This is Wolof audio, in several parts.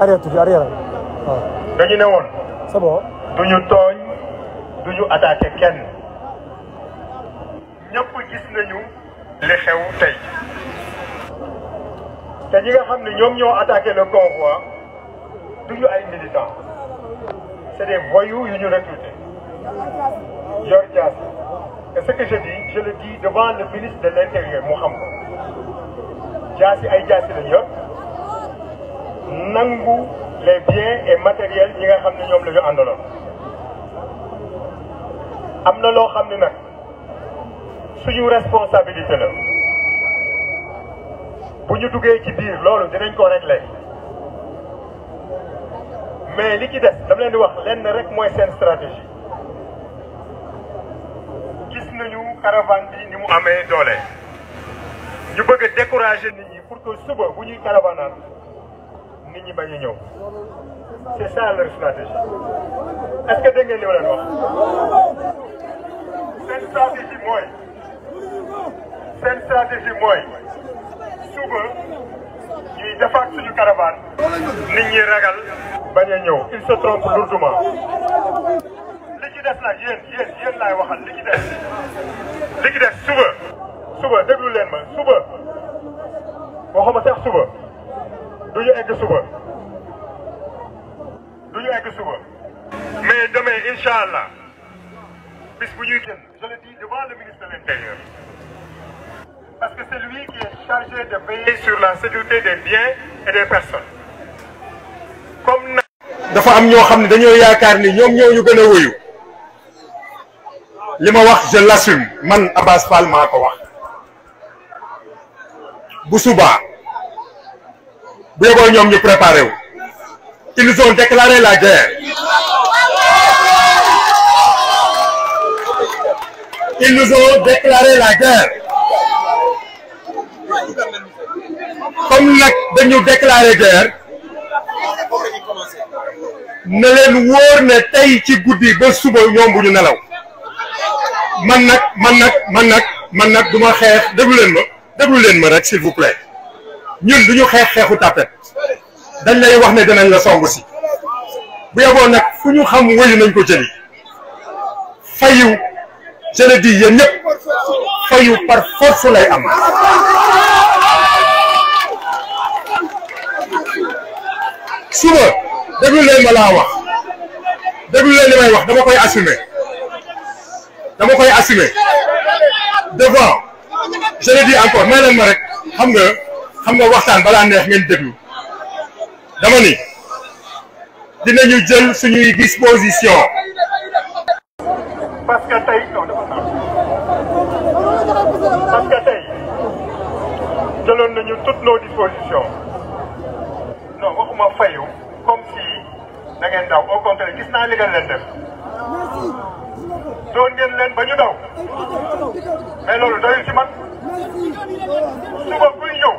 arrêté fi arrière waaw. dañu ne woon. c'est du ñu tooñ du ñu attaqué kenn. ñëpp gis nañu li xew tey. te ñi nga ñoom ñoo attaqué le convoi du ñu ay militants. c'est des voyous yu ñu recruté. yor jaas et ce que je dis je le dis devant le ministre de l'intérieur mu xam ko jaas yi ay jaas yi lañ yor. nangu les biens et matériels yi nga xam ne ñoom lañu ñu am na loo xam ne nag suñu responsabilité la bu ñu duggee ci biir loolu dinañ ko régler mais li ci des dama leen di wax lenn rek mooy seen stratégie gis nañu caravane bi ni mu amee doole ñu bëgg a décourager nit ñi pour que suba bu ñuy caravanaat nit ñi bañ a ñëw c'est ça leur stratégie est-ce que dégg ngeen wax seen stratégie mooy seen stratégie mooy suba ñuy defaat suñu caravane nit ñi ragal bañ a ñëw il se trompe lourdement li ci des nag yéen yéen yéen laay waxal li ci des li ci suba suba déglu leen ma suba suba du ñu ñu egg suba mais allah bis bu ñuy génn je le dis devant la sécurité des biens et des personnes comme dafa am ñoo xam ne dañoo yaakaar ni ñoom ñoo ñu gën a wóyu li ma wax je l'assume man Abass Fall maa ko wax bu subaa bu yeboo ñoom ñu préparé wu ils nous ont déclaré la guerre ils nous comme nag dañu déclaré guerre ne leen wóor ne tey ci guddi ba suba ñoom bu ñu nelaw man nag man nag man nag man nag du ma xeex déglu leen ma déglu leen ma rek s'il vous ñun du ñu xeex xeexu tàppet dañ lay wax ne danañ la song si bu yeboo nag fu ñu xam wëyu nañ ko jëli fayu je le dis yéen ñëpp fayu par force lay am suba déglu leen ma laa wax déglu leen may wax dama koy assumer dama koy assumer devant je le dis encore may ma rek xam nga xam nga waxtaan balaa neex ngeen déglu dama ni dinañu jël suñuy disposition parce que tey parce que nañu toutes nos dispositions non waxuma fayu comme si da daw au gis naa li leen def doon ngeen leen ba ñu daw mais loolu doyul man suba kuy ñëw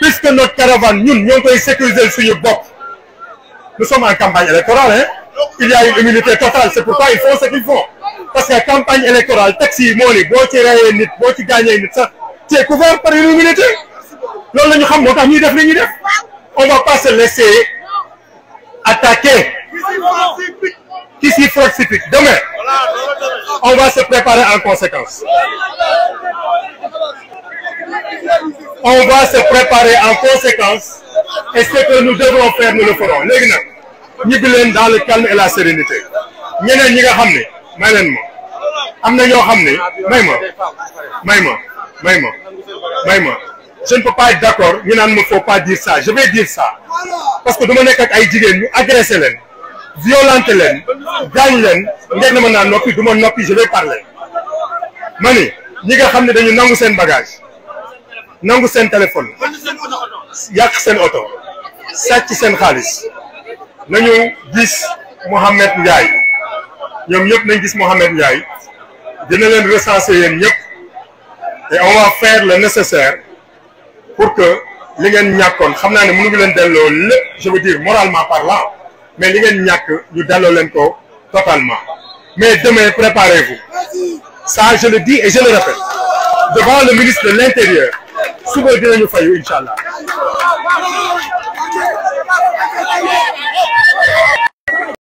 puisque notre caravane ñun ñoo ngi koy sécuriser suñu bopp nous sommes en campagne électorale hein il y a une immunité totale c'est pourquoi ils font ce qu'ils font parce que campagne électorale taxi yi moo ni boo ci rayee nit boo ci gaañee nit sax c'est couvert par une immunité loolu la ñu xam moo tax ñuy def li ñuy def on va pas se laisser attaquer qui s'y frotte s'y pique demain on va se préparer en conséquence on va se préparer en conséquence et ce que nous devons faire le ferons léegi nag ñibbi leen dans le calme et la sérénité ñeneen ñi nga xam ne may leen ma am na ñoo xam ne may ma may ma may ma may ma je ne peux pas être d'accord ñu naan ma faut pas dire ça je vais dire ça parce que dama nekk ak ay jigéen ñu agressé leen violenté leen gaañ leen ngeen na ma naan noppi du ma noppi je vais parler ma ni ñi nga xam ne dañu nangu seen bagage nangu seen téléphone yàq seen oto sàcc seen xaalis nañu gis Mouhamed Ndiaye ñoom ñëpp nañ gis Mouhamed Ndiaye dina leen recenser yéen ñëpp et on va faire le nécessaire pour que li ngeen ñàkkoon xam naa ne mënu leen delloo lépp je veux dire moralement parlant mais li ngeen ñàkk ñu delloo leen ko totalement mais demain préparez-vous ça je le dis et je le répète devant le ministre de l'Intérieur suba dinañu fayu incha allah